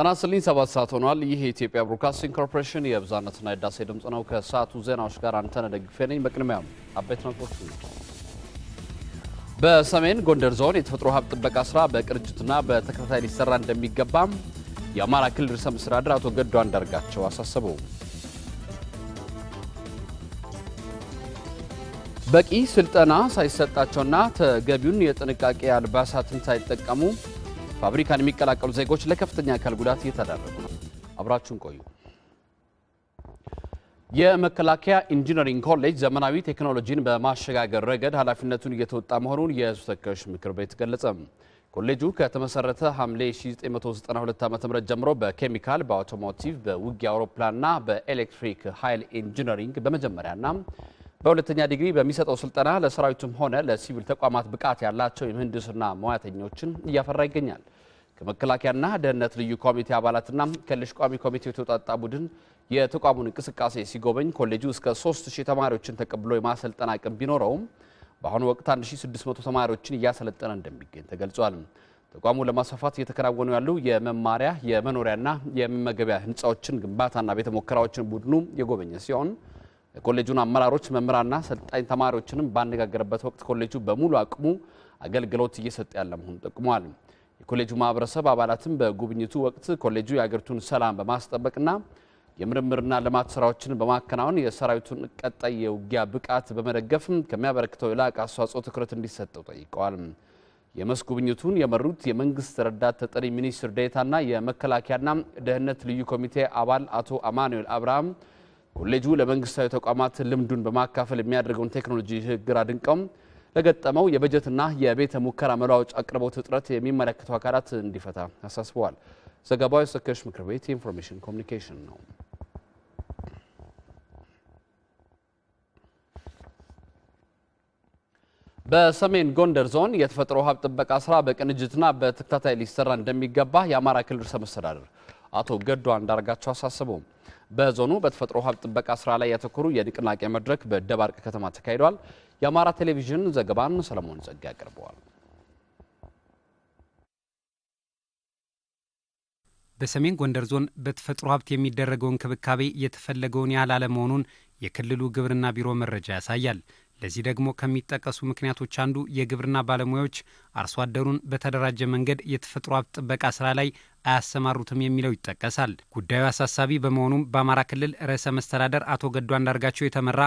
ጤና ይስጥልኝ። ሰባት ሰዓት ሆኗል። ይህ የኢትዮጵያ ብሮድካስቲንግ ኮርፖሬሽን የብዛነትና የዳሴ ድምፅ ነው። ከሰዓቱ ዜናዎች ጋር አንተነህ ደግፌ ነኝ። በቅድሚያም አበይት ነጥቦች፣ በሰሜን ጎንደር ዞን የተፈጥሮ ሀብት ጥበቃ ስራ በቅርጅትና በተከታታይ ሊሰራ እንደሚገባም የአማራ ክልል ርዕሰ መስተዳድር አቶ ገዱ አንዳርጋቸው አሳሰቡ። በቂ ስልጠና ሳይሰጣቸውና ተገቢውን የጥንቃቄ አልባሳትን ሳይጠቀሙ ፋብሪካን የሚቀላቀሉ ዜጎች ለከፍተኛ አካል ጉዳት እየተዳረጉ ነው። አብራችሁን ቆዩ። የመከላከያ ኢንጂነሪንግ ኮሌጅ ዘመናዊ ቴክኖሎጂን በማሸጋገር ረገድ ኃላፊነቱን እየተወጣ መሆኑን የሕዝብ ተወካዮች ምክር ቤት ገለጸ። ኮሌጁ ከተመሰረተ ሐምሌ 1992 ዓ ም ጀምሮ በኬሚካል፣ በአውቶሞቲቭ፣ በውጊ አውሮፕላንና በኤሌክትሪክ ኃይል ኢንጂነሪንግ በመጀመሪያና በሁለተኛ ዲግሪ በሚሰጠው ስልጠና ለሰራዊቱም ሆነ ለሲቪል ተቋማት ብቃት ያላቸው የምህንድስና ሙያተኞችን እያፈራ ይገኛል። ከመከላከያና ደህንነት ልዩ ኮሚቴ አባላትና ከልሽ ቋሚ ኮሚቴው የተውጣጣ ቡድን የተቋሙን እንቅስቃሴ ሲጎበኝ ኮሌጁ እስከ 3000 ተማሪዎችን ተቀብሎ የማሰልጠን አቅም ቢኖረውም በአሁኑ ወቅት 1600 ተማሪዎችን እያሰለጠነ እንደሚገኝ ተገልጿል። ተቋሙ ለማስፋፋት እየተከናወኑ ያሉ የመማሪያ የመኖሪያና የመመገቢያ ህንፃዎችን ግንባታና ቤተ ሙከራዎችን ቡድኑ የጎበኘ ሲሆን የኮሌጁን አመራሮች መምህራንና ሰልጣኝ ተማሪዎችንም ባነጋገረበት ወቅት ኮሌጁ በሙሉ አቅሙ አገልግሎት እየሰጠ ያለ መሆኑን ጠቁመዋል። የኮሌጁ ማህበረሰብ አባላትም በጉብኝቱ ወቅት ኮሌጁ የአገሪቱን ሰላም በማስጠበቅና የምርምርና ልማት ስራዎችን በማከናወን የሰራዊቱን ቀጣይ የውጊያ ብቃት በመደገፍ ከሚያበረክተው የላቀ አስተዋጽኦ ትኩረት እንዲሰጠው ጠይቀዋል። የመስክ ጉብኝቱን የመሩት የመንግስት ረዳት ተጠሪ ሚኒስትር ዴታና የመከላከያና ደህንነት ልዩ ኮሚቴ አባል አቶ አማኑኤል አብርሃም ኮሌጁ ለመንግስታዊ ተቋማት ልምዱን በማካፈል የሚያደርገውን ቴክኖሎጂ ችግር አድንቀውም ለገጠመው የበጀትና የቤተ ሙከራ መለዋወጫ አቅርቦት እጥረት የሚመለከቱ አካላት እንዲፈታ አሳስበዋል። ዘገባው የሰከሽ ምክር ቤት የኢንፎርሜሽን ኮሚኒኬሽን ነው። በሰሜን ጎንደር ዞን የተፈጥሮ ሀብት ጥበቃ ስራ በቅንጅትና በተከታታይ ሊሰራ እንደሚገባ የአማራ ክልል ርዕሰ መስተዳድር አቶ ገዱ አንዳርጋቸው አሳስበው በዞኑ በተፈጥሮ ሀብት ጥበቃ ስራ ላይ ያተኮሩ የንቅናቄ መድረክ በደባርቅ ከተማ ተካሂዷል። የአማራ ቴሌቪዥን ዘገባን ሰለሞን ጸጋ ያቀርበዋል። በሰሜን ጎንደር ዞን በተፈጥሮ ሀብት የሚደረገው እንክብካቤ የተፈለገውን ያህል አለመሆኑን የክልሉ ግብርና ቢሮ መረጃ ያሳያል። ለዚህ ደግሞ ከሚጠቀሱ ምክንያቶች አንዱ የግብርና ባለሙያዎች አርሶ አደሩን በተደራጀ መንገድ የተፈጥሮ ሀብት ጥበቃ ስራ ላይ አያሰማሩትም የሚለው ይጠቀሳል። ጉዳዩ አሳሳቢ በመሆኑም በአማራ ክልል ርዕሰ መስተዳደር አቶ ገዱ አንዳርጋቸው የተመራ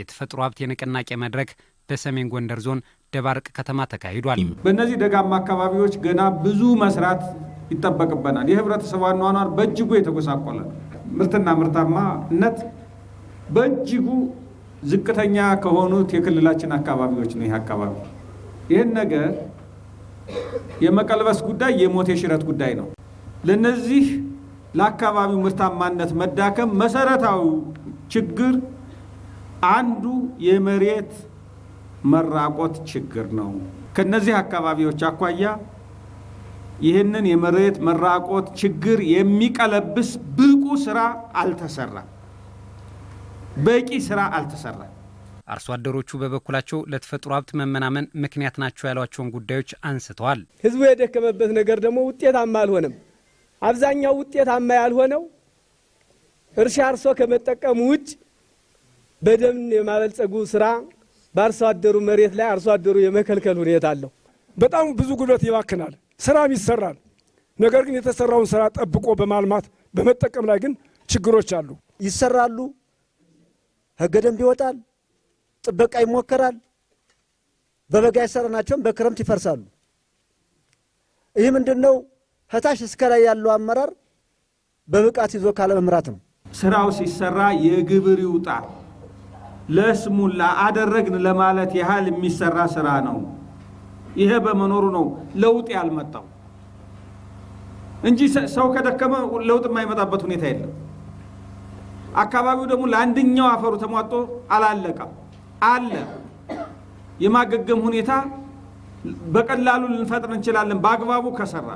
የተፈጥሮ ሀብት የንቅናቄ መድረክ በሰሜን ጎንደር ዞን ደባርቅ ከተማ ተካሂዷል። በእነዚህ ደጋማ አካባቢዎች ገና ብዙ መስራት ይጠበቅበናል። የህብረተሰቡ አኗኗር በእጅጉ የተጎሳቆለ ምርትና ምርታማነት በእጅጉ ዝቅተኛ ከሆኑት የክልላችን አካባቢዎች ነው። ይህ አካባቢ ይህን ነገር የመቀልበስ ጉዳይ የሞት የሽረት ጉዳይ ነው። ለነዚህ ለአካባቢው ምርታማነት መዳከም መሰረታዊ ችግር አንዱ የመሬት መራቆት ችግር ነው። ከነዚህ አካባቢዎች አኳያ ይህንን የመሬት መራቆት ችግር የሚቀለብስ ብቁ ስራ አልተሰራም። በቂ ስራ አልተሰራም። አርሶ አደሮቹ በበኩላቸው ለተፈጥሮ ሀብት መመናመን ምክንያት ናቸው ያሏቸውን ጉዳዮች አንስተዋል። ህዝቡ የደከመበት ነገር ደግሞ ውጤታማ አልሆነም። አብዛኛው ውጤታማ ያልሆነው እርሻ አርሶ ከመጠቀሙ ውጭ በደን የማበልጸጉ ስራ በአርሶ አደሩ መሬት ላይ አርሶ አደሩ የመከልከል ሁኔታ አለው። በጣም ብዙ ጉልበት ይባክናል። ስራም ይሰራል። ነገር ግን የተሰራውን ስራ ጠብቆ በማልማት በመጠቀም ላይ ግን ችግሮች አሉ። ይሰራሉ ህገ ደንብ ይወጣል፣ ጥበቃ ይሞከራል። በበጋ የሰራናቸውም በክረምት ይፈርሳሉ። ይህ ምንድን ነው? ከታች እስከ ላይ ያለው አመራር በብቃት ይዞ ካለመምራት ነው። ስራው ሲሰራ የግብር ይውጣ ለስሙላ አደረግን ለማለት ያህል የሚሰራ ስራ ነው። ይሄ በመኖሩ ነው ለውጥ ያልመጣው እንጂ ሰው ከደከመ ለውጥ የማይመጣበት ሁኔታ የለም። አካባቢው ደግሞ ለአንደኛው አፈሩ ተሟጦ አላለቀም አለ የማገገም ሁኔታ በቀላሉ ልንፈጥር እንችላለን በአግባቡ ከሰራ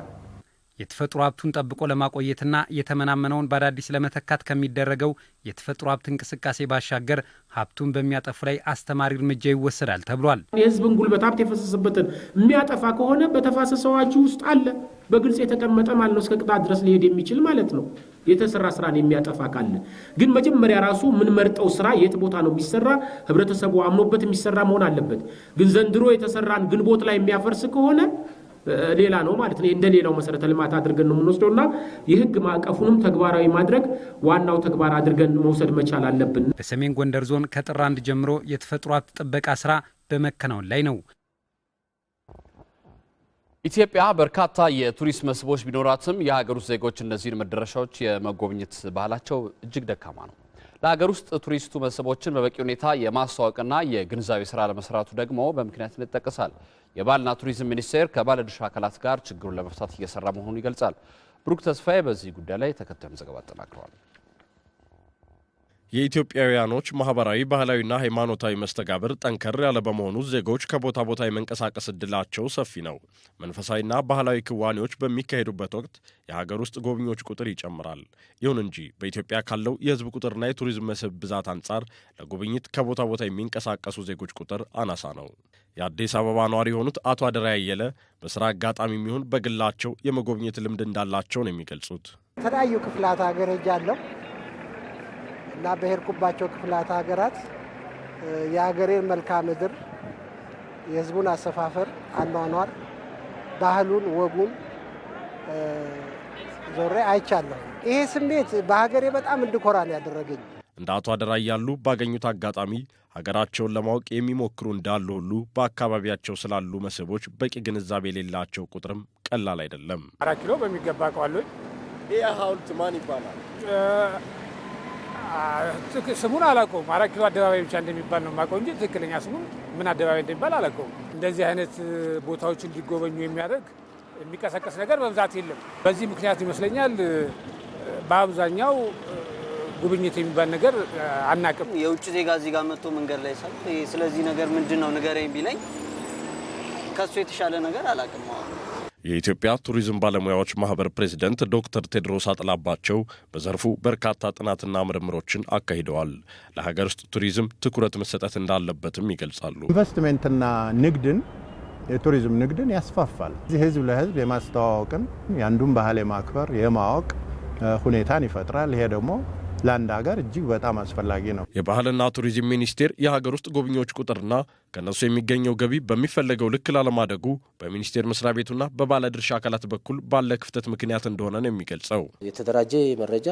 የተፈጥሮ ሀብቱን ጠብቆ ለማቆየትና የተመናመነውን በአዳዲስ ለመተካት ከሚደረገው የተፈጥሮ ሀብት እንቅስቃሴ ባሻገር ሀብቱን በሚያጠፉ ላይ አስተማሪ እርምጃ ይወሰዳል ተብሏል። የህዝብን ጉልበት ሀብት የፈሰሰበትን የሚያጠፋ ከሆነ በተፋሰሰው አዋጅ ውስጥ አለ በግልጽ የተቀመጠ ማለት ነው። እስከ ቅጣት ድረስ ሊሄድ የሚችል ማለት ነው። የተሰራ ስራን የሚያጠፋ ካለ ግን መጀመሪያ ራሱ የምንመርጠው ስራ የት ቦታ ነው የሚሰራ፣ ህብረተሰቡ አምኖበት የሚሰራ መሆን አለበት። ግን ዘንድሮ የተሰራን ግንቦት ላይ የሚያፈርስ ከሆነ ሌላ ነው ማለት ነው። እንደ ሌላው መሰረተ ልማት አድርገን ነው የምንወስደው እና የህግ ማዕቀፉንም ተግባራዊ ማድረግ ዋናው ተግባር አድርገን መውሰድ መቻል አለብን። በሰሜን ጎንደር ዞን ከጥር አንድ ጀምሮ የተፈጥሮ ሀብት ጥበቃ ስራ በመከናወን ላይ ነው። ኢትዮጵያ በርካታ የቱሪስት መስህቦች ቢኖራትም የሀገር ውስጥ ዜጎች እነዚህን መዳረሻዎች የመጎብኘት ባህላቸው እጅግ ደካማ ነው። ለሀገር ውስጥ ቱሪስቱ መስህቦችን በበቂ ሁኔታ የማስተዋወቅና የግንዛቤ ስራ ለመስራቱ ደግሞ በምክንያት ይጠቀሳል። የባህልና ቱሪዝም ሚኒስቴር ከባለድርሻ አካላት ጋር ችግሩን ለመፍታት እየሰራ መሆኑን ይገልጻል። ብሩክ ተስፋዬ በዚህ ጉዳይ ላይ ተከታዩን ዘገባ አጠናቅረዋል። የኢትዮጵያውያኖች ማህበራዊ፣ ባህላዊና ሃይማኖታዊ መስተጋብር ጠንከር ያለ በመሆኑ ዜጎች ከቦታ ቦታ የመንቀሳቀስ እድላቸው ሰፊ ነው። መንፈሳዊና ባህላዊ ክዋኔዎች በሚካሄዱበት ወቅት የሀገር ውስጥ ጎብኚዎች ቁጥር ይጨምራል። ይሁን እንጂ በኢትዮጵያ ካለው የህዝብ ቁጥርና የቱሪዝም መስህብ ብዛት አንጻር ለጉብኝት ከቦታ ቦታ የሚንቀሳቀሱ ዜጎች ቁጥር አናሳ ነው። የአዲስ አበባ ነዋሪ የሆኑት አቶ አደራ ያየለ በስራ አጋጣሚ የሚሆን በግላቸው የመጎብኘት ልምድ እንዳላቸው ነው የሚገልጹት። የተለያዩ ክፍላት ሀገር ሄጃለሁ እና በሄድኩባቸው ክፍላት ሀገራት የሀገሬን መልክዓ ምድር፣ የህዝቡን አሰፋፈር፣ አኗኗር፣ ባህሉን፣ ወጉን ዞሬ አይቻለሁ። ይሄ ስሜት በሀገሬ በጣም እንድኮራ ነው ያደረገኝ። እንደ አቶ አደራ ያሉ ባገኙት አጋጣሚ ሀገራቸውን ለማወቅ የሚሞክሩ እንዳሉ ሁሉ በአካባቢያቸው ስላሉ መስህቦች በቂ ግንዛቤ የሌላቸው ቁጥርም ቀላል አይደለም። አራት ኪሎ በሚገባ አውቃለሁ። ይህ ሀውልት ማን ይባላል? ስሙን አላውቀውም። አራት ኪሎ አደባባይ ብቻ እንደሚባል ነው የማውቀው እንጂ ትክክለኛ ስሙን ምን አደባባይ እንደሚባል አላውቀውም። እንደዚህ አይነት ቦታዎች እንዲጎበኙ የሚያደርግ የሚቀሰቀስ ነገር በብዛት የለም። በዚህ ምክንያት ይመስለኛል በአብዛኛው ጉብኝት የሚባል ነገር አናቅም። የውጭ ዜጋ እዚህ ጋር መጥቶ መንገድ ላይ ሰልፍ ስለዚህ ነገር ምንድን ነው ንገረኝ ቢለኝ ከሱ የተሻለ ነገር አላውቅም። የኢትዮጵያ ቱሪዝም ባለሙያዎች ማህበር ፕሬዚደንት ዶክተር ቴድሮስ አጥላባቸው በዘርፉ በርካታ ጥናትና ምርምሮችን አካሂደዋል። ለሀገር ውስጥ ቱሪዝም ትኩረት መሰጠት እንዳለበትም ይገልጻሉ። ኢንቨስትሜንትና ንግድን የቱሪዝም ንግድን ያስፋፋል። እዚህ ህዝብ ለህዝብ የማስተዋወቅን የአንዱን ባህል የማክበር የማወቅ ሁኔታን ይፈጥራል። ይሄ ደግሞ ለአንድ ሀገር እጅግ በጣም አስፈላጊ ነው። የባህልና ቱሪዝም ሚኒስቴር የሀገር ውስጥ ጎብኚዎች ቁጥርና ከእነሱ የሚገኘው ገቢ በሚፈለገው ልክ ላለማደጉ በሚኒስቴር መስሪያ ቤቱና በባለድርሻ አካላት በኩል ባለ ክፍተት ምክንያት እንደሆነ ነው የሚገልጸው። የተደራጀ መረጃ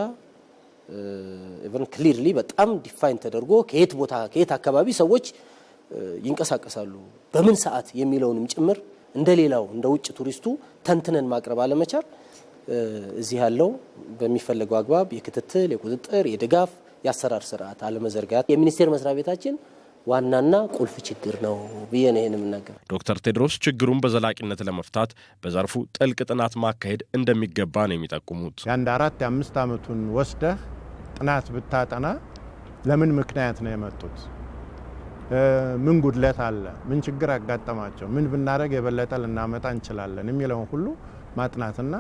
ኢቨን ክሊርሊ በጣም ዲፋይን ተደርጎ ከየት ቦታ ከየት አካባቢ ሰዎች ይንቀሳቀሳሉ በምን ሰዓት የሚለውንም ጭምር እንደሌላው እንደ ውጭ ቱሪስቱ ተንትነን ማቅረብ አለመቻል እዚህ ያለው በሚፈለገው አግባብ የክትትል፣ የቁጥጥር፣ የድጋፍ፣ የአሰራር ስርዓት አለመዘርጋት የሚኒስቴር መስሪያ ቤታችን ዋናና ቁልፍ ችግር ነው ብዬ ነው ይህን የምናገር። ዶክተር ቴድሮስ ችግሩን በዘላቂነት ለመፍታት በዘርፉ ጥልቅ ጥናት ማካሄድ እንደሚገባ ነው የሚጠቁሙት። የአንድ አራት የአምስት ዓመቱን ወስደህ ጥናት ብታጠና ለምን ምክንያት ነው የመጡት? ምን ጉድለት አለ? ምን ችግር አጋጠማቸው? ምን ብናደረግ የበለጠ ልናመጣ እንችላለን? የሚለውን ሁሉ ማጥናትና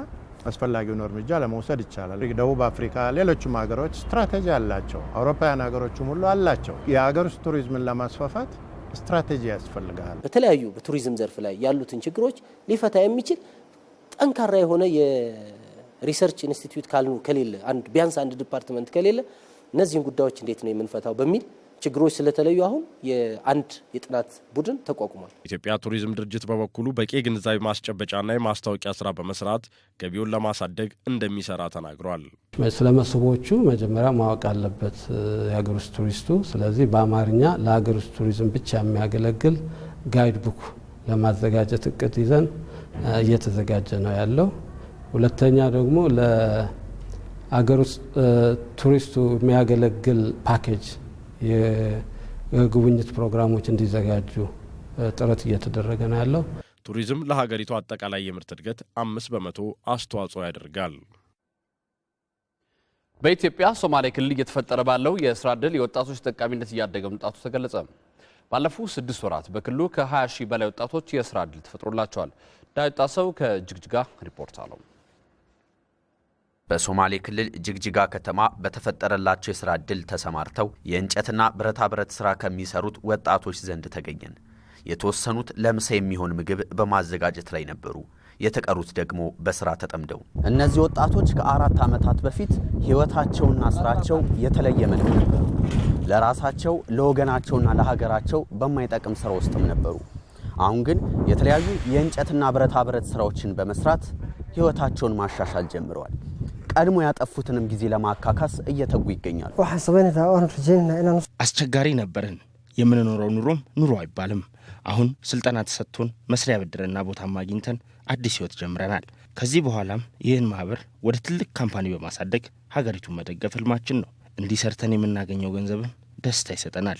አስፈላጊውን እርምጃ ለመውሰድ ይቻላል። ደቡብ አፍሪካ፣ ሌሎችም ሀገሮች ስትራቴጂ አላቸው። አውሮፓውያን ሀገሮችም ሁሉ አላቸው። የሀገር ውስጥ ቱሪዝምን ለማስፋፋት ስትራቴጂ ያስፈልጋል። በተለያዩ በቱሪዝም ዘርፍ ላይ ያሉትን ችግሮች ሊፈታ የሚችል ጠንካራ የሆነ የሪሰርች ኢንስቲትዩት ካልኑ ከሌለ ቢያንስ አንድ ዲፓርትመንት ከሌለ እነዚህን ጉዳዮች እንዴት ነው የምንፈታው በሚል ችግሮች ስለተለዩ አሁን የአንድ የጥናት ቡድን ተቋቁሟል። ኢትዮጵያ ቱሪዝም ድርጅት በበኩሉ በቂ ግንዛቤ ማስጨበጫና የማስታወቂያ ስራ በመስራት ገቢውን ለማሳደግ እንደሚሰራ ተናግሯል። ስለ መስህቦቹ መጀመሪያ ማወቅ አለበት የሀገር ውስጥ ቱሪስቱ። ስለዚህ በአማርኛ ለሀገር ውስጥ ቱሪዝም ብቻ የሚያገለግል ጋይድ ቡክ ለማዘጋጀት እቅድ ይዘን እየተዘጋጀ ነው ያለው። ሁለተኛ ደግሞ ለአገር ውስጥ ቱሪስቱ የሚያገለግል ፓኬጅ የጉብኝት ፕሮግራሞች እንዲዘጋጁ ጥረት እየተደረገ ነው ያለው። ቱሪዝም ለሀገሪቱ አጠቃላይ የምርት እድገት አምስት በመቶ አስተዋጽኦ ያደርጋል። በኢትዮጵያ ሶማሌ ክልል እየተፈጠረ ባለው የስራ እድል የወጣቶች ተጠቃሚነት እያደገ መምጣቱ ተገለጸ። ባለፉት ስድስት ወራት በክልሉ ከ20 ሺህ በላይ ወጣቶች የስራ ድል ተፈጥሮላቸዋል። ዳዊት ጣሰው ከጅግጅጋ ሪፖርት አለው። በሶማሌ ክልል ጅግጅጋ ከተማ በተፈጠረላቸው የስራ እድል ተሰማርተው የእንጨትና ብረታ ብረት ስራ ከሚሰሩት ወጣቶች ዘንድ ተገኘን። የተወሰኑት ለምሳ የሚሆን ምግብ በማዘጋጀት ላይ ነበሩ። የተቀሩት ደግሞ በስራ ተጠምደው። እነዚህ ወጣቶች ከአራት ዓመታት በፊት ሕይወታቸውና ስራቸው የተለየ መልክ ነበሩ። ለራሳቸው ለወገናቸውና ለሀገራቸው በማይጠቅም ስራ ውስጥም ነበሩ። አሁን ግን የተለያዩ የእንጨትና ብረታ ብረት ስራዎችን በመስራት ሕይወታቸውን ማሻሻል ጀምረዋል። ቀድሞ ያጠፉትንም ጊዜ ለማካካስ እየተጉ ይገኛሉ። አስቸጋሪ ነበርን። የምንኖረው ኑሮም ኑሮ አይባልም። አሁን ስልጠና ተሰጥቶን መስሪያ ብድርና ቦታም አግኝተን አዲስ ህይወት ጀምረናል። ከዚህ በኋላም ይህን ማህበር ወደ ትልቅ ካምፓኒ በማሳደግ ሀገሪቱን መደገፍ ህልማችን ነው። እንዲሰርተን የምናገኘው ገንዘብም ደስታ ይሰጠናል።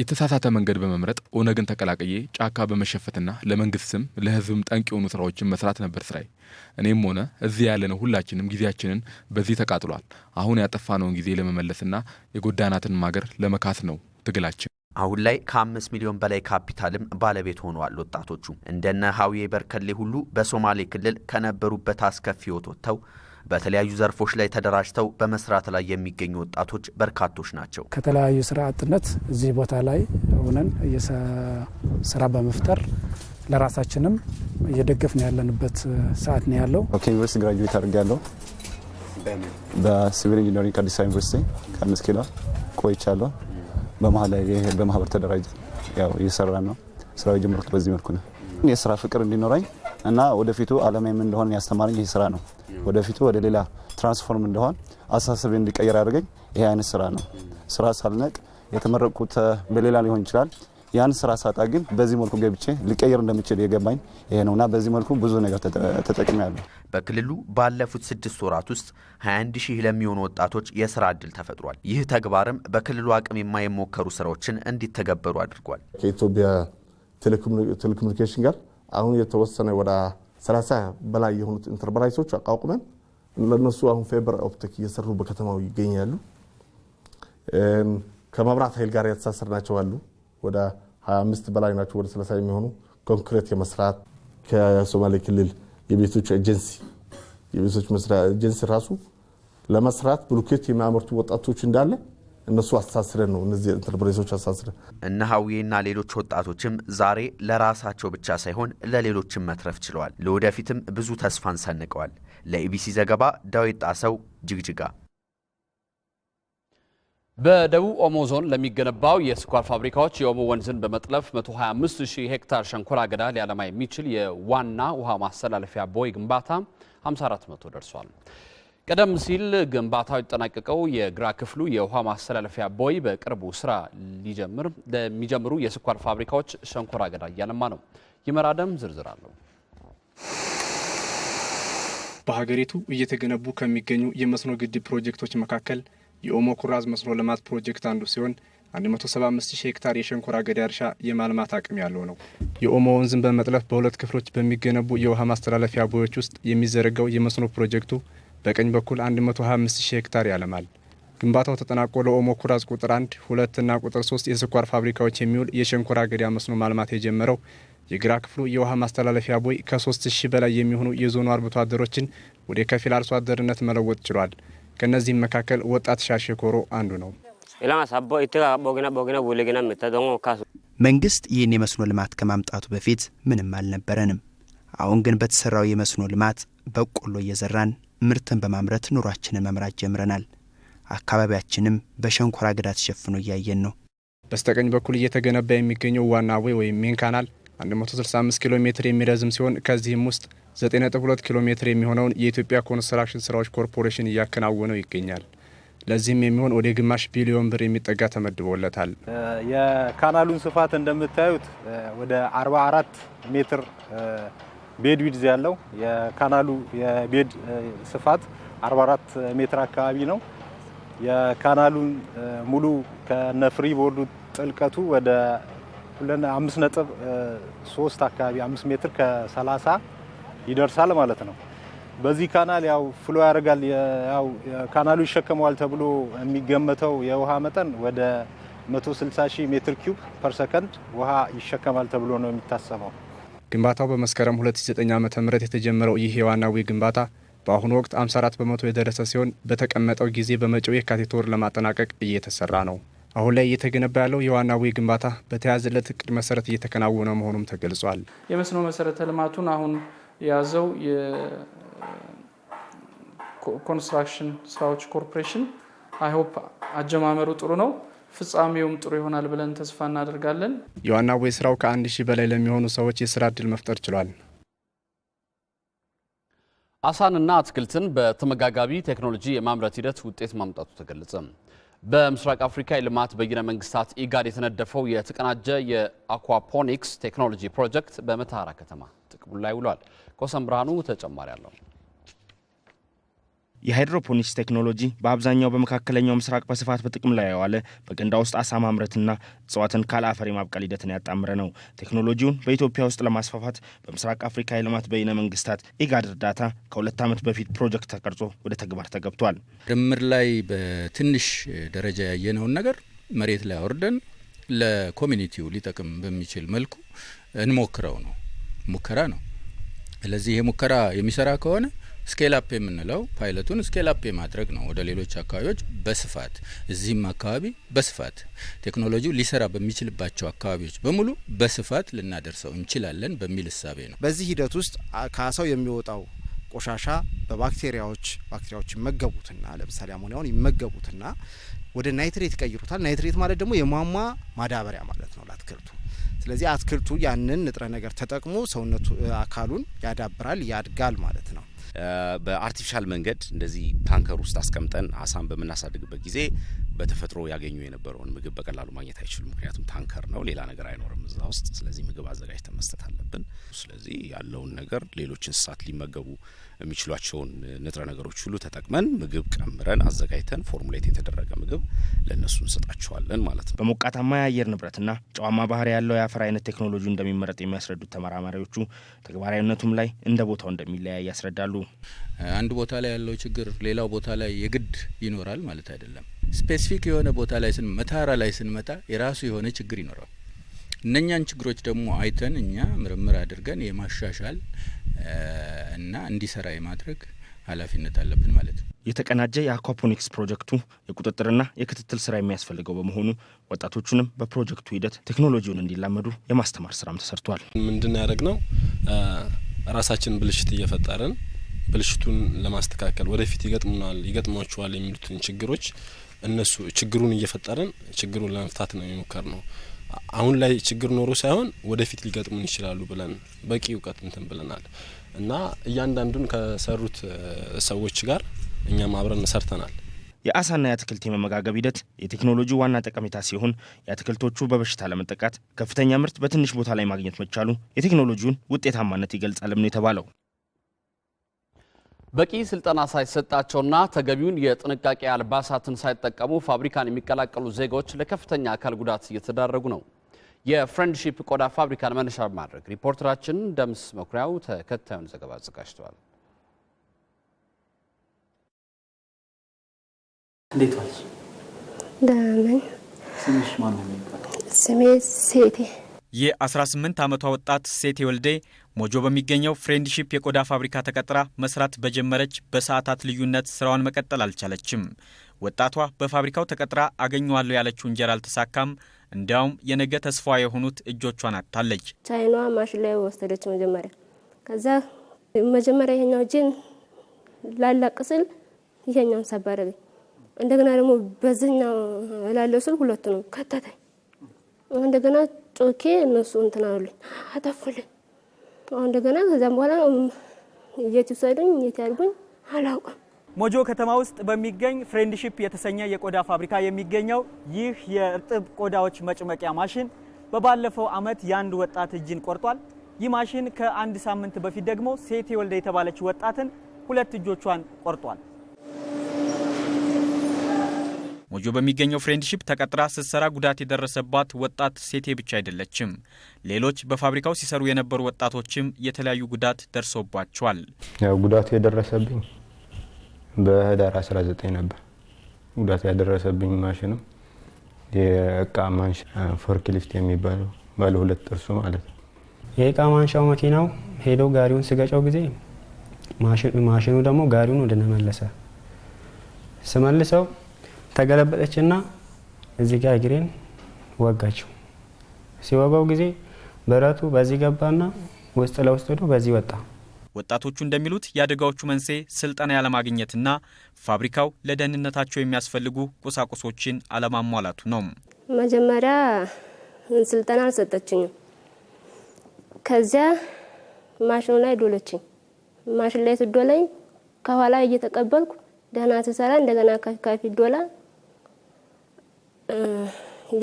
የተሳሳተ መንገድ በመምረጥ ኦነግን ተቀላቅዬ ጫካ በመሸፈትና ለመንግስት ስም ለህዝብም ጠንቅ የሆኑ ስራዎችን መስራት ነበር ስራዬ። እኔም ሆነ እዚህ ያለነው ሁላችንም ጊዜያችንን በዚህ ተቃጥሏል። አሁን ያጠፋነውን ጊዜ ለመመለስና የጎዳናትን ማገር ለመካስ ነው ትግላችን። አሁን ላይ ከአምስት ሚሊዮን በላይ ካፒታልም ባለቤት ሆነዋል። ወጣቶቹ እንደነ ሀዊ በርከሌ ሁሉ በሶማሌ ክልል ከነበሩበት አስከፊ ህይወት ወጥተው በተለያዩ ዘርፎች ላይ ተደራጅተው በመስራት ላይ የሚገኙ ወጣቶች በርካቶች ናቸው። ከተለያዩ ስራ አጥነት እዚህ ቦታ ላይ ሆነን ስራ በመፍጠር ለራሳችንም እየደገፍ ነው ያለንበት ሰዓት ነው ያለው። ዩኒቨርሲቲ ግራጁዌት ያለው በሲቪል ኢንጂነሪንግ ከአዲስ አበባ ዩኒቨርሲቲ ከአምስት ኪሎ ቆይቻለሁ። በማህበር ተደራጅ ያው እየሰራ ነው። ስራው የጀመርኩት በዚህ መልኩ ነው። የስራ ፍቅር እንዲኖረኝ እና ወደፊቱ አለማም እንደሆን ያስተማረኝ ይህ ስራ ነው። ወደፊቱ ወደ ሌላ ትራንስፎርም እንደሆን አስተሳሰብ እንዲቀየር ያደርገኝ ይሄ አይነት ስራ ነው። ስራ ሳልነቅ የተመረቅኩት በሌላ ሊሆን ይችላል። ያን ስራ ሳጣ ግን በዚህ መልኩ ገብቼ ሊቀየር እንደምችል የገባኝ ይሄ እና በዚህ መልኩ ብዙ ነገር ተጠቅሜያለሁ። በክልሉ ባለፉት ስድስት ወራት ውስጥ 21 ሺህ ለሚሆኑ ወጣቶች የስራ እድል ተፈጥሯል። ይህ ተግባርም በክልሉ አቅም የማይሞከሩ ስራዎችን እንዲተገበሩ አድርጓል። ከኢትዮጵያ ቴሌኮሙኒኬሽን ጋር አሁን የተወሰነ ወደ 30 በላይ የሆኑት ኢንተርፕራይሶች አቋቁመን ለነሱ አሁን ፌበር ኦፕቲክ እየሰሩ በከተማው ይገኛሉ። ከመብራት ኃይል ጋር የተሳሰር ናቸው አሉ ወደ 25 በላይ ናቸው። ወደ 30 የሚሆኑ ኮንክሬት የመስራት ከሶማሌ ክልል የቤቶች ኤጀንሲ የቤቶች መስሪያ ኤጀንሲ ራሱ ለመስራት ብሎኬት የሚያመርቱ ወጣቶች እንዳለ እነሱ አስተሳስረን ነው እነዚህ ኢንተርፕራይዞች አስተሳስረን እነ ሀዊዬና ሌሎች ወጣቶችም ዛሬ ለራሳቸው ብቻ ሳይሆን ለሌሎችም መትረፍ ችለዋል። ለወደፊትም ብዙ ተስፋን ሰንቀዋል። ለኢቢሲ ዘገባ ዳዊት ጣሰው ጅግጅጋ። በደቡብ ኦሞ ዞን ለሚገነባው የስኳር ፋብሪካዎች የኦሞ ወንዝን በመጥለፍ 125 ሄክታር ሸንኮራ አገዳ ሊያለማ የሚችል የዋና ውሃ ማስተላለፊያ ቦይ ግንባታ 54 መቶ ደርሷል። ቀደም ሲል ግንባታው የተጠናቀቀው የግራ ክፍሉ የውሃ ማስተላለፊያ ቦይ በቅርቡ ስራ ሊጀምር ለሚጀምሩ የስኳር ፋብሪካዎች ሸንኮር አገዳ እያለማ ነው። ይመራደም ዝርዝር አለው። በሀገሪቱ እየተገነቡ ከሚገኙ የመስኖ ግድብ ፕሮጀክቶች መካከል የኦሞ ኩራዝ መስኖ ልማት ፕሮጀክት አንዱ ሲሆን 175 ሺህ ሄክታር የሸንኮራ አገዳ እርሻ የማልማት አቅም ያለው ነው። የኦሞ ወንዝን በመጥለፍ በሁለት ክፍሎች በሚገነቡ የውሃ ማስተላለፊያ ቦዮች ውስጥ የሚዘረጋው የመስኖ ፕሮጀክቱ በቀኝ በኩል 125000 ሄክታር ያለማል። ግንባታው ተጠናቆ ለኦሞ ኩራዝ ቁጥር 1 2 እና ቁጥር 3 የስኳር ፋብሪካዎች የሚውል የሸንኮራ አገዳ መስኖ ማልማት የጀመረው የግራ ክፍሉ የውሃ ማስተላለፊያ ቦይ ከ3000 በላይ የሚሆኑ የዞኑ አርብቶ አደሮችን ወደ ከፊል አርሶ አደርነት መለወጥ ችሏል። ከእነዚህም መካከል ወጣት ሻሽ ኮሮ አንዱ ነው። መንግስት ይህን የመስኖ ልማት ከማምጣቱ በፊት ምንም አልነበረንም። አሁን ግን በተሰራው የመስኖ ልማት በቆሎ እየዘራን ምርትን በማምረት ኑሯችንን መምራት ጀምረናል። አካባቢያችንም በሸንኮራ አገዳ ተሸፍኖ እያየን ነው። በስተቀኝ በኩል እየተገነባ የሚገኘው ዋና አቦይ ወይም ሜን ካናል 165 ኪሎ ሜትር የሚረዝም ሲሆን ከዚህም ውስጥ 9.2 ኪሎ ሜትር የሚሆነውን የኢትዮጵያ ኮንስትራክሽን ስራዎች ኮርፖሬሽን እያከናወነው ይገኛል። ለዚህም የሚሆን ወደ ግማሽ ቢሊዮን ብር የሚጠጋ ተመድቦለታል። የካናሉን ስፋት እንደምታዩት ወደ 44 ሜትር ቤድ ዊድዝ ያለው የካናሉ የቤድ ስፋት 44 ሜትር አካባቢ ነው። የካናሉን ሙሉ ከነፍሪ ፍሪ ቦርዱ ጥልቀቱ ወደ 5.3 አካባቢ 5 ሜትር ከ30 ይደርሳል ማለት ነው። በዚህ ካናል ያው ፍሎ ያደርጋል ያው ካናሉ ይሸከመዋል ተብሎ የሚገመተው የውሃ መጠን ወደ 160 ሺህ ሜትር ኪዩብ ፐር ሰከንድ ውሃ ይሸከማል ተብሎ ነው የሚታሰበው። ግንባታው በመስከረም 2009 ዓ ም የተጀመረው ይህ የዋና ግንባታ በአሁኑ ወቅት 54 በመቶ የደረሰ ሲሆን በተቀመጠው ጊዜ በመጪው የካቲት ወር ለማጠናቀቅ እየተሰራ ነው። አሁን ላይ እየተገነባ ያለው የዋና ግንባታ በተያዘለት እቅድ መሰረት እየተከናወነ መሆኑም ተገልጿል። የመስኖ መሰረተ ልማቱን አሁን የያዘው የኮንስትራክሽን ስራዎች ኮርፖሬሽን አይሆፕ አጀማመሩ ጥሩ ነው። ፍጻሜውም ጥሩ ይሆናል ብለን ተስፋ እናደርጋለን። የዋና ቦይ ስራው ከአንድ ሺህ በላይ ለሚሆኑ ሰዎች የስራ እድል መፍጠር ችሏል። አሳንና አትክልትን በተመጋጋቢ ቴክኖሎጂ የማምረት ሂደት ውጤት ማምጣቱ ተገለጸ። በምስራቅ አፍሪካ የልማት በይነ መንግስታት ኢጋድ የተነደፈው የተቀናጀ የአኳፖኒክስ ቴክኖሎጂ ፕሮጀክት በመታራ ከተማ ጥቅሙ ላይ ውሏል። ኮሰም ብርሃኑ ተጨማሪ አለው። የሃይድሮፖኒክስ ቴክኖሎጂ በአብዛኛው በመካከለኛው ምስራቅ በስፋት በጥቅም ላይ የዋለ በገንዳ ውስጥ አሳ ማምረትና እጽዋትን ካለ አፈር የማብቀል ሂደትን ያጣምረ ነው። ቴክኖሎጂውን በኢትዮጵያ ውስጥ ለማስፋፋት በምስራቅ አፍሪካ የልማት በይነ መንግስታት ኢጋድ እርዳታ ከሁለት ዓመት በፊት ፕሮጀክት ተቀርጾ ወደ ተግባር ተገብቷል። ድምር ላይ በትንሽ ደረጃ ያየነውን ነገር መሬት ላይ አውርደን ለኮሚኒቲው ሊጠቅም በሚችል መልኩ እንሞክረው ነው። ሙከራ ነው። ስለዚህ ይሄ ሙከራ የሚሰራ ከሆነ ስኬል አፕ የምንለው ፓይለቱን ስኬል አፕ የማድረግ ነው ወደ ሌሎች አካባቢዎች በስፋት እዚህም አካባቢ በስፋት ቴክኖሎጂው ሊሰራ በሚችልባቸው አካባቢዎች በሙሉ በስፋት ልናደርሰው እንችላለን በሚል እሳቤ ነው። በዚህ ሂደት ውስጥ ከአሳው የሚወጣው ቆሻሻ በባክቴሪያዎች ባክቴሪያዎች ይመገቡትና ለምሳሌ አሞኒያውን ይመገቡትና ወደ ናይትሬት ይቀይሩታል። ናይትሬት ማለት ደግሞ የሟሟ ማዳበሪያ ማለት ነው ለአትክልቱ። ስለዚህ አትክልቱ ያንን ንጥረ ነገር ተጠቅሞ ሰውነቱ አካሉን ያዳብራል፣ ያድጋል ማለት ነው። በአርቲፊሻል መንገድ እንደዚህ ታንከር ውስጥ አስቀምጠን አሳን በምናሳድግበት ጊዜ በተፈጥሮ ያገኙ የነበረውን ምግብ በቀላሉ ማግኘት አይችሉም። ምክንያቱም ታንከር ነው፣ ሌላ ነገር አይኖርም እዛ ውስጥ። ስለዚህ ምግብ አዘጋጅተን መስጠት አለብን። ስለዚህ ያለውን ነገር ሌሎች እንስሳት ሊመገቡ የሚችሏቸውን ንጥረ ነገሮች ሁሉ ተጠቅመን ምግብ ቀምረን አዘጋጅተን ፎርሙሌት የተደረገ ምግብ ለእነሱ እንሰጣቸዋለን ማለት ነው። በሞቃታማ የአየር ንብረትና ጨዋማ ባህሪ ያለው የአፈር አይነት ቴክኖሎጂ እንደሚመረጥ የሚያስረዱት ተመራማሪዎቹ ተግባራዊነቱም ላይ እንደ ቦታው እንደሚለያይ ያስረዳሉ። አንድ ቦታ ላይ ያለው ችግር ሌላው ቦታ ላይ የግድ ይኖራል ማለት አይደለም። ስፔሲፊክ የሆነ ቦታ ላይ ስን መታራ ላይ ስንመጣ የራሱ የሆነ ችግር ይኖራል። እነኛን ችግሮች ደግሞ አይተን እኛ ምርምር አድርገን የማሻሻል እና እንዲሰራ የማድረግ ኃላፊነት አለብን ማለት ነው። የተቀናጀ የአኳፖኒክስ ፕሮጀክቱ የቁጥጥርና የክትትል ስራ የሚያስፈልገው በመሆኑ ወጣቶቹንም በፕሮጀክቱ ሂደት ቴክኖሎጂውን እንዲላመዱ የማስተማር ስራም ተሰርቷል። ምንድን ያደረግ ነው ራሳችን ብልሽት እየፈጠርን ብልሽቱን ለማስተካከል ወደፊት ይገጥሙናል ይገጥሟቸዋል የሚሉትን ችግሮች እነሱ ችግሩን እየፈጠርን ችግሩን ለመፍታት ነው የሞከር ነው። አሁን ላይ ችግር ኖሮ ሳይሆን ወደፊት ሊገጥሙን ይችላሉ ብለን በቂ እውቀት እንትን ብለናል እና እያንዳንዱን ከሰሩት ሰዎች ጋር እኛም አብረን ሰርተናል። የአሳና የአትክልት የመመጋገብ ሂደት የቴክኖሎጂ ዋና ጠቀሜታ ሲሆን የአትክልቶቹ በበሽታ ለመጠቃት ከፍተኛ ምርት በትንሽ ቦታ ላይ ማግኘት መቻሉ የቴክኖሎጂውን ውጤታማነት ይገልጻልም ነው የተባለው። በቂ ስልጠና ሳይሰጣቸውና ተገቢውን የጥንቃቄ አልባሳትን ሳይጠቀሙ ፋብሪካን የሚቀላቀሉ ዜጎች ለከፍተኛ አካል ጉዳት እየተዳረጉ ነው። የፍሬንድሺፕ ቆዳ ፋብሪካን መነሻ በማድረግ ሪፖርተራችን ደምስ መኩሪያው ተከታዩን ዘገባ አዘጋጅተዋል። እንዴት ዋልሽ? ደህና ማን ነው? ስሜ ሴቴ። የ18 ዓመቷ ወጣት ሴቴ ወልዴ ሞጆ በሚገኘው ፍሬንድሺፕ የቆዳ ፋብሪካ ተቀጥራ መስራት በጀመረች በሰዓታት ልዩነት ስራዋን መቀጠል አልቻለችም። ወጣቷ በፋብሪካው ተቀጥራ አገኘዋለሁ ያለችው እንጀራ አልተሳካም። እንዲያውም የነገ ተስፋ የሆኑት እጆቿን አጥታለች። ቻይኗ ማሽን ላይ ወሰደች መጀመሪያ። ከዛ መጀመሪያ ይሄኛው እጄን ላላቅ ስል ይሄኛውን ሰበረብኝ። እንደገና ደግሞ በዚህኛው ላለው ስል ሁለቱ ነው ከተተኝ። እንደገና ጮኬ እነሱ እንትናሉኝ አጠፉልኝ እንደገና ከዛም በኋላ የት ይወሰዱኝ የት አላውቅም። ሞጆ ከተማ ውስጥ በሚገኝ ፍሬንድሺፕ የተሰኘ የቆዳ ፋብሪካ የሚገኘው ይህ የእርጥብ ቆዳዎች መጭመቂያ ማሽን በባለፈው ዓመት የአንድ ወጣት እጅን ቆርጧል። ይህ ማሽን ከአንድ ሳምንት በፊት ደግሞ ሴት ወልደ የተባለች ወጣትን ሁለት እጆቿን ቆርጧል። ሞጆ በሚገኘው ፍሬንድሺፕ ተቀጥራ ስትሰራ ጉዳት የደረሰባት ወጣት ሴቴ ብቻ አይደለችም። ሌሎች በፋብሪካው ሲሰሩ የነበሩ ወጣቶችም የተለያዩ ጉዳት ደርሶባቸዋል። ያው ጉዳቱ የደረሰብኝ በህዳር 19 ነበር። ጉዳት ያደረሰብኝ ማሽንም የእቃ ማንሻ ፎርክሊፍት የሚባለው ባለ ሁለት ጥርሱ ማለት ነው። የእቃ ማንሻው መኪናው ሄዶ ጋሪውን ስገጨው ጊዜ ማሽኑ ደግሞ ጋሪውን ወደነመለሰ ስመልሰው ተገለበጠችና እዚህ ጋር እግሬን ወጋችው። ሲወጋው ጊዜ ብረቱ በዚህ ገባና ውስጥ ለውስጥ ሄዶ በዚህ ወጣ። ወጣቶቹ እንደሚሉት የአደጋዎቹ መንስኤ ስልጠና ያለማግኘትና ፋብሪካው ለደህንነታቸው የሚያስፈልጉ ቁሳቁሶችን አለማሟላቱ ነው። መጀመሪያ ስልጠና አልሰጠችኝም። ከዚያ ማሽኑ ላይ ዶለችኝ። ማሽን ላይ ስዶለኝ ከኋላ እየተቀበልኩ ደህና ትሰራ እንደገና ከፊት ዶላ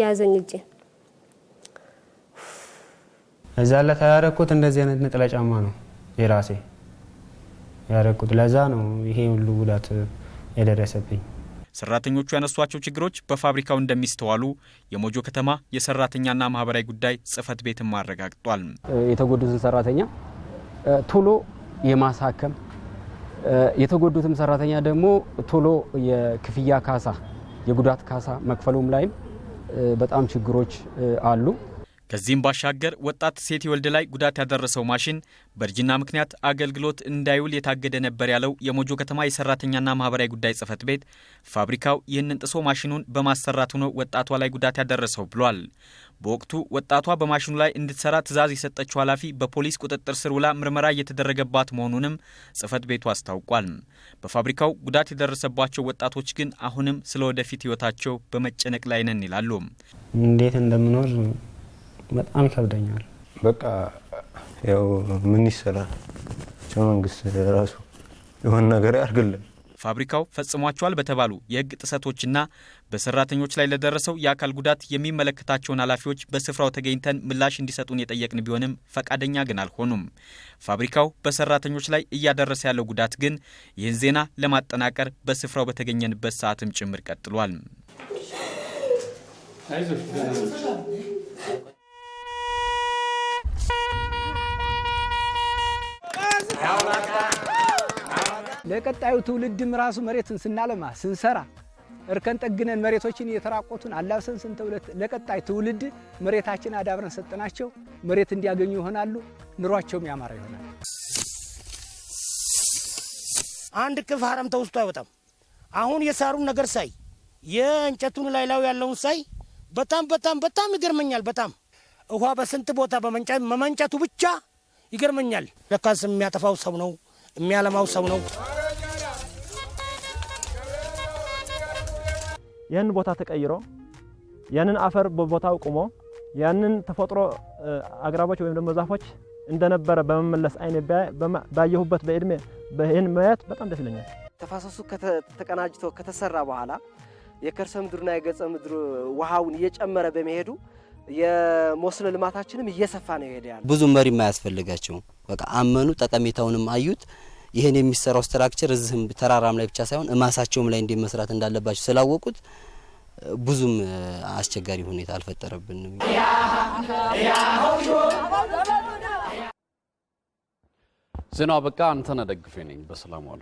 ያዘኝ እጄ እዛ ለት ያረኩት እንደዚህ አይነት ነጠላ ጫማ ነው የራሴ ያረኩት። ለዛ ነው ይሄ ሁሉ ጉዳት የደረሰብኝ። ሰራተኞቹ ያነሷቸው ችግሮች በፋብሪካው እንደሚስተዋሉ የሞጆ ከተማ የሰራተኛና ማህበራዊ ጉዳይ ጽህፈት ቤትም አረጋግጧል። የተጎዱትን ሰራተኛ ቶሎ የማሳከም የተጎዱትም ሰራተኛ ደግሞ ቶሎ የክፍያ ካሳ የጉዳት ካሳ መክፈሉም ላይም በጣም ችግሮች አሉ። ከዚህም ባሻገር ወጣት ሴት ወልድ ላይ ጉዳት ያደረሰው ማሽን በእርጅና ምክንያት አገልግሎት እንዳይውል የታገደ ነበር ያለው የሞጆ ከተማ የሰራተኛና ማህበራዊ ጉዳይ ጽህፈት ቤት ፋብሪካው ይህንን ጥሶ ማሽኑን በማሰራቱ ነው ወጣቷ ላይ ጉዳት ያደረሰው ብሏል። በወቅቱ ወጣቷ በማሽኑ ላይ እንድትሰራ ትዕዛዝ የሰጠችው ኃላፊ በፖሊስ ቁጥጥር ስር ውላ ምርመራ እየተደረገባት መሆኑንም ጽህፈት ቤቱ አስታውቋል። በፋብሪካው ጉዳት የደረሰባቸው ወጣቶች ግን አሁንም ስለ ወደፊት ህይወታቸው በመጨነቅ ላይ ነን ይላሉ። እንዴት እንደምኖር በጣም ይከብደኛል። በቃ ያው ምን ይሰራል መንግስት ራሱ የሆነ ነገር ያርግልን። ፋብሪካው ፈጽሟቸዋል በተባሉ የህግ ጥሰቶችና በሰራተኞች ላይ ለደረሰው የአካል ጉዳት የሚመለከታቸውን ኃላፊዎች በስፍራው ተገኝተን ምላሽ እንዲሰጡን የጠየቅን ቢሆንም ፈቃደኛ ግን አልሆኑም። ፋብሪካው በሰራተኞች ላይ እያደረሰ ያለው ጉዳት ግን ይህን ዜና ለማጠናቀር በስፍራው በተገኘንበት ሰዓትም ጭምር ቀጥሏል። ለቀጣዩ ትውልድም ራሱ መሬትን ስናለማ ስንሰራ እርከን ጠግነን መሬቶችን እየተራቆቱን አላብሰን ስንተውለት ለቀጣይ ትውልድ መሬታችን አዳብረን ሰጠናቸው መሬት እንዲያገኙ ይሆናሉ። ኑሯቸውም ያማረ ይሆናል። አንድ ቅፍ ሀረም ተውስቶ አይወጣም። አሁን የሳሩን ነገር ሳይ የእንጨቱን ላይላው ያለውን ሳይ በጣም በጣም በጣም ይገርመኛል። በጣም ውሃ በስንት ቦታ በመንጨቱ ብቻ ይገርመኛል። ለካስ የሚያጠፋው ሰው ነው። የሚያለማው ሰው ነው። ይህን ቦታ ተቀይሮ ያንን አፈር በቦታው ቁሞ ያንን ተፈጥሮ አግራቦች ወይም ደግሞ ዛፎች እንደነበረ በመመለስ አይኔ ባየሁበት በእድሜ ይህን ማየት በጣም ደስ ይለኛል። ተፋሰሱ ተቀናጅቶ ከተሰራ በኋላ የከርሰ ምድሩና የገጸ ምድር ውሃውን እየጨመረ በመሄዱ የመስኖ ልማታችንም እየሰፋ ነው ይሄዳል። ብዙ መሪም አያስፈልጋቸውም። በቃ አመኑ፣ ጠቀሜታውንም አዩት። ይህን የሚሰራው ስትራክቸር እዚህም ተራራም ላይ ብቻ ሳይሆን እማሳቸውም ላይ እንዴት መስራት እንዳለባቸው ስላወቁት ብዙም አስቸጋሪ ሁኔታ አልፈጠረብንም። ዜናው በቃ አንተነህ ደግፌ ነኝ። በሰላም ዋሉ።